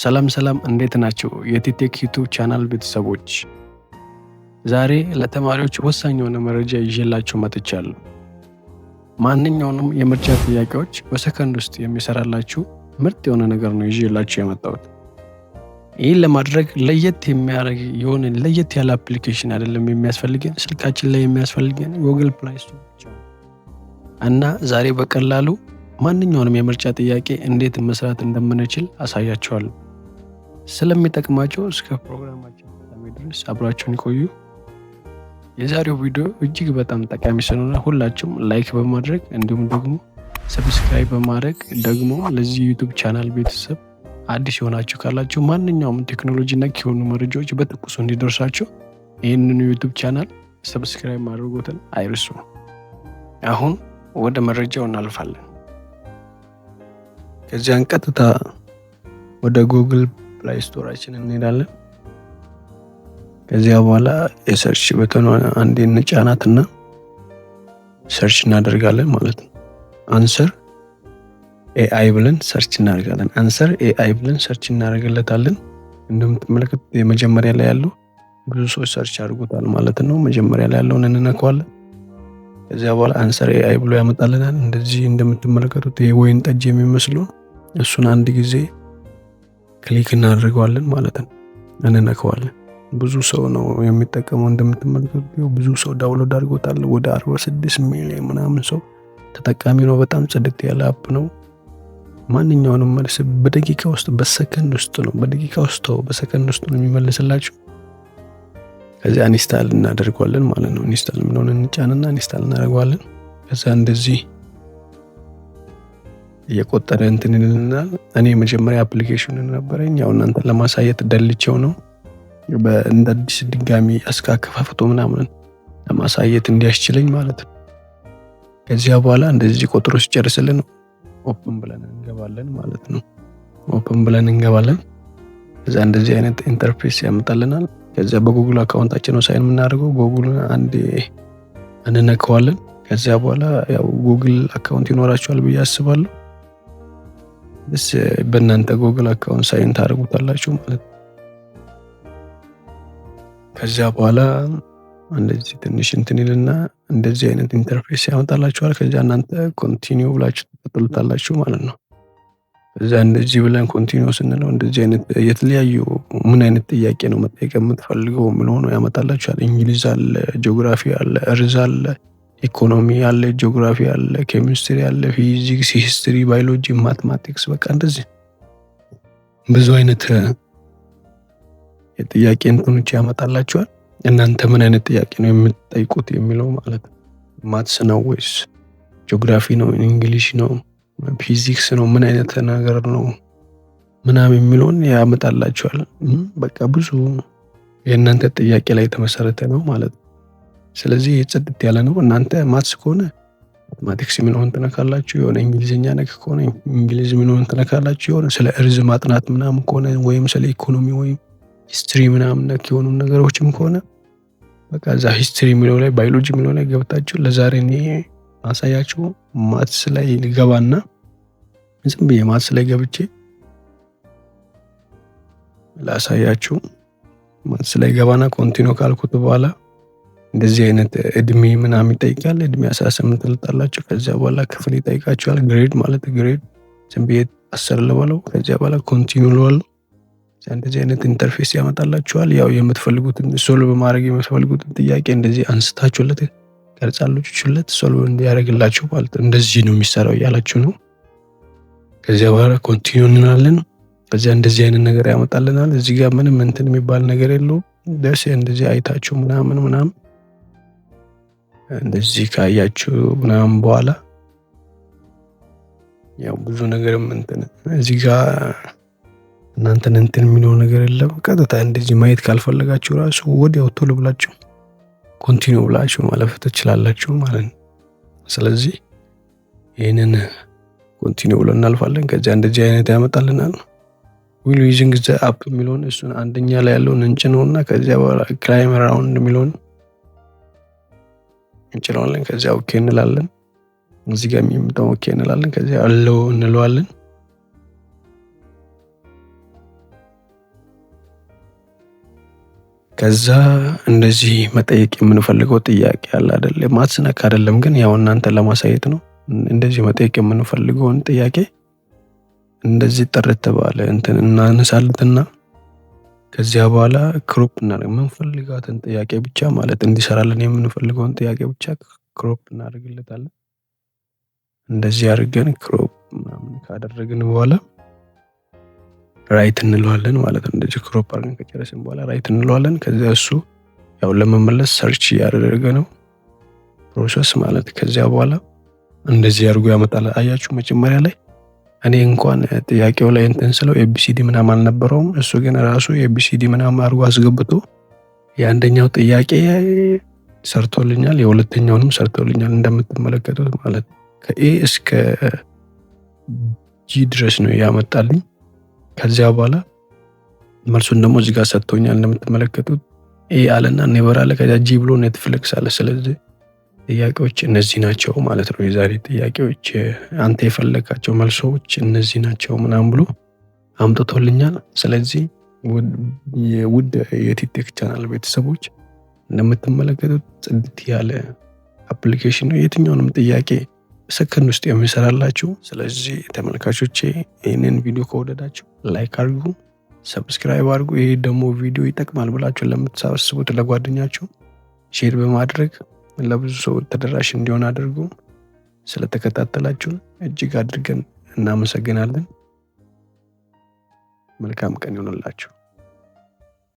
ሰላም ሰላም፣ እንዴት ናቸው የቲቴክ ዩቱብ ቻናል ቤተሰቦች? ዛሬ ለተማሪዎች ወሳኝ የሆነ መረጃ ይዤላቸው መጥቻለሁ። ማንኛውንም የምርጫ ጥያቄዎች በሰከንድ ውስጥ የሚሰራላችሁ ምርጥ የሆነ ነገር ነው ይዤላቸው የመጣሁት። ይህን ለማድረግ ለየት የሚያደርግ የሆነ ለየት ያለ አፕሊኬሽን አይደለም የሚያስፈልገን፣ ስልካችን ላይ የሚያስፈልገን ጎግል ፕላይ ስቶር እና ዛሬ በቀላሉ ማንኛውንም የምርጫ ጥያቄ እንዴት መስራት እንደምንችል አሳያችኋለሁ። ስለሚጠቅማቸው እስከ ፕሮግራማችን ፍጻሜ ድረስ አብራቸውን ይቆዩ። የዛሬው ቪዲዮ እጅግ በጣም ጠቃሚ ስለሆነ ሁላችሁም ላይክ በማድረግ እንዲሁም ደግሞ ሰብስክራይብ በማድረግ ደግሞ ለዚህ ዩቱብ ቻናል ቤተሰብ አዲስ የሆናችሁ ካላችሁ ማንኛውም ቴክኖሎጂ ነክ የሆኑ መረጃዎች በትኩሱ እንዲደርሳችሁ ይህንኑ ዩቱብ ቻናል ሰብስክራይብ ማድረጎትን አይርሱ። አሁን ወደ መረጃው እናልፋለን። ከዚያን ቀጥታ ወደ ጉግል ፕላይ ስቶራችን እንሄዳለን። ከዚያ በኋላ የሰርች በተኗን አንዴ እንጫናትና ሰርች እናደርጋለን ማለት ነው። አንሰር ኤአይ ብለን ሰርች እናደርጋለን። አንሰር ኤአይ ብለን ሰርች እናደርግለታለን። እንደምትመለከቱት የመጀመሪያ ላይ ያለው ብዙ ሰዎች ሰርች አድርጎታል ማለት ነው። መጀመሪያ ላይ ያለውን እንነካዋለን። ከዚያ በኋላ አንሰር ኤአይ ብሎ ያመጣልናል። እንደዚህ እንደምትመለከቱት ይሄ ወይን ጠጅ የሚመስለው እሱን አንድ ጊዜ ክሊክ እናደርገዋለን ማለት ነው፣ እንነከዋለን። ብዙ ሰው ነው የሚጠቀመው። እንደምትመለከቱት ብዙ ሰው ዳውንሎድ አድርጎታል። ወደ 46 ሚሊዮን ምናምን ሰው ተጠቃሚ ነው። በጣም ጽድት ያለ አፕ ነው። ማንኛውንም መልስ በደቂቃ ውስጥ በሰከንድ ውስጥ ነው በደቂቃ ውስጥ በሰከንድ ውስጥ ነው የሚመልስላችሁ። ከዚ አንስታል እናደርጓለን ማለት ነው። ኢንስታል የሚለውን እንጫንና ኢንስታል እናደርጓለን ከዛ እንደዚህ እየቆጠረ እንትንንልና እኔ መጀመሪያ አፕሊኬሽን ነበረኝ። ያው እናንተን ለማሳየት ደልቸው ነው እንደ አዲስ ድጋሚ አስካከፋፍቶ ምናምን ለማሳየት እንዲያስችለኝ ማለት ነው። ከዚያ በኋላ እንደዚህ ቆጥሮ ሲጨርስልን ኦፕን ብለን እንገባለን ማለት ነው። ኦፕን ብለን እንገባለን። ከዛ እንደዚህ አይነት ኢንተርፌስ ያመጣልናል። ከዚያ በጉግል አካውንታችን ነው ሳይን የምናደርገው። ጉግል አንድ እንነከዋለን። ከዚያ በኋላ ያው ጉግል አካውንት ይኖራቸዋል ብዬ አስባለሁ። በእናንተ ጎግል አካውንት ሳይን ታደርጉታላችሁ ማለት ነው። ከዚያ በኋላ እንደዚህ ትንሽ እንትን ይልና እንደዚህ አይነት ኢንተርፌስ ያመጣላችኋል። ከዚያ እናንተ ኮንቲኒው ብላችሁ ትቀጥሉታላችሁ ማለት ነው። እዛ እንደዚህ ብለን ኮንቲኒው ስንለው እንደዚህ አይነት የተለያዩ ምን አይነት ጥያቄ ነው መጠየቅ የምትፈልገው ምን ያመጣላችኋል። እንግሊዝ አለ፣ ጂኦግራፊ አለ፣ እርዝ አለ ኢኮኖሚ አለ፣ ጂኦግራፊ አለ፣ ኬሚስትሪ አለ፣ ፊዚክስ፣ ሂስትሪ፣ ባዮሎጂ፣ ማትማቲክስ በቃ እንደዚህ ብዙ አይነት የጥያቄ እንትኖች ያመጣላችኋል። እናንተ ምን አይነት ጥያቄ ነው የምትጠይቁት የሚለው ማለት ነው። ማትስ ነው ወይስ ጂኦግራፊ ነው እንግሊሽ ነው ፊዚክስ ነው ምን አይነት ነገር ነው ምናምን የሚለውን ያመጣላችኋል። በቃ ብዙ የእናንተ ጥያቄ ላይ የተመሰረተ ነው ማለት ነው። ስለዚህ ጽድት ያለ ነው። እናንተ ማትስ ከሆነ ማቴክስ የሚለውን ትነካላችሁ። የሆነ እንግሊዝኛ ነክ ከሆነ እንግሊዝ የሚለውን ትነካላችሁ። የሆነ ስለ እርዝ ማጥናት ምናምን ከሆነ ወይም ስለ ኢኮኖሚ ወይም ሂስትሪ ምናምን ነክ የሆኑ ነገሮችም ከሆነ በቃ እዛ ሂስትሪ የሚለው ላይ ባዮሎጂ የሚለው ላይ ገብታችሁ ለዛሬ እኔ ማሳያችሁ ማትስ ላይ ልገባና ዝም ብዬ ማትስ ላይ ገብቼ ላሳያችሁ ማትስ ላይ ገባና ኮንቲኖ ካልኩት በኋላ እንደዚህ አይነት እድሜ ምናምን ይጠይቃል። እድሜ አስራ ስምንት ልጣላቸው ከዚያ በኋላ ክፍል ይጠይቃቸዋል። ግሬድ ማለት ግሬድ ዝም ብዬ አስር ልበለው። ከዚያ በኋላ ኮንቲኒ ልበለው። እንደዚህ አይነት ኢንተርፌስ ያመጣላችኋል። ያው የምትፈልጉትን ሶልቭ ማድረግ የምትፈልጉትን ጥያቄ እንደዚህ አንስታችሁለት ቀርጻላችሁለት ሶልቭ እንዲያደርግላችሁ ማለት እንደዚህ ነው የሚሰራው እያላችሁ ነው። ከዚያ በኋላ ኮንቲኒ እንላለን። ከዚያ እንደዚህ አይነት ነገር ያመጣልናል። እዚህ ጋር ምንም እንትን የሚባል ነገር የለውም። ደስ እንደዚህ አይታችሁ ምናምን ምናምን እንደዚህ ካያችሁ ምናምን በኋላ ያው ብዙ ነገር እንትን እዚህ ጋር እናንተን እንትን የሚለው ነገር የለም። ቀጥታ እንደዚህ ማየት ካልፈለጋችሁ ራሱ ወዲያው ቶሎ ብላችሁ ኮንቲኒ ብላችሁ ማለፍ ትችላላችሁ ማለት ነው። ስለዚህ ይህንን ኮንቲኒ ብሎ እናልፋለን። ከዚያ እንደዚህ አይነት ያመጣልናል። ዊል ዩዚንግ ዘ አፕ የሚለውን እሱን አንደኛ ላይ ያለውን እንጭ እንጭነውና ከዚያ በኋላ ክላይም ራውንድ የሚለውን እንችለዋለን። ከዚያ ኦኬ እንላለን። እዚህ ጋር የሚምጠው ኦኬ እንላለን። ከዚያ አለው እንለዋለን። ከዛ እንደዚህ መጠየቅ የምንፈልገው ጥያቄ አለ አደለ? ማትስነክ አደለም፣ ግን ያው እናንተ ለማሳየት ነው። እንደዚህ መጠየቅ የምንፈልገውን ጥያቄ እንደዚህ ጥርት ባለ እንትን እናነሳልትና ከዚያ በኋላ ክሮፕ እናደርግ የምንፈልጋትን ጥያቄ ብቻ ማለት እንዲሰራለን የምንፈልገውን ጥያቄ ብቻ ክሮፕ እናደርግለታለን። እንደዚህ አድርገን ክሮፕ ምናምን ካደረግን በኋላ ራይት እንለዋለን ማለት ነው። እንደዚህ ክሮፕ አድርገን ከጨረስን በኋላ ራይት እንለዋለን። ከዚያ እሱ ያው ለመመለስ ሰርች እያደረገ ነው ፕሮሰስ ማለት ከዚያ በኋላ እንደዚህ አድርጎ ያመጣል። አያችሁ መጀመሪያ ላይ እኔ እንኳን ጥያቄው ላይ እንትን ስለው ኤቢሲዲ ምናም አልነበረውም። እሱ ግን ራሱ ኤቢሲዲ ምናም አድርጎ አስገብቶ የአንደኛው ጥያቄ ሰርቶልኛል፣ የሁለተኛውንም ሰርቶልኛል እንደምትመለከቱት ማለት ከኤ እስከ ጂ ድረስ ነው ያመጣልኝ። ከዚያ በኋላ መልሱን ደግሞ እዚጋ ሰጥቶኛል እንደምትመለከቱት ኤ አለና ኔበር አለ። ከዚያ ጂ ብሎ ኔትፍሊክስ አለ። ስለዚህ ጥያቄዎች እነዚህ ናቸው ማለት ነው። የዛሬ ጥያቄዎች አንተ የፈለጋቸው መልሶች እነዚህ ናቸው ምናምን ብሎ አምጥቶልኛል። ስለዚህ ውድ የቲክቶክ ቻናል ቤተሰቦች እንደምትመለከቱት ጽድት ያለ አፕሊኬሽን ነው። የትኛውንም ጥያቄ ሰከንድ ውስጥ የሚሰራላችሁ። ስለዚህ ተመልካቾቼ ይህንን ቪዲዮ ከወደዳችሁ ላይክ አድርጉ፣ ሰብስክራይብ አድርጉ። ይህ ደግሞ ቪዲዮ ይጠቅማል ብላችሁ ለምትሰበስቡት ለጓደኛችሁ ሼር በማድረግ ለብዙ ሰው ተደራሽ እንዲሆን አድርጉ። ስለተከታተላችሁን እጅግ አድርገን እናመሰግናለን። መልካም ቀን ይሆንላችሁ።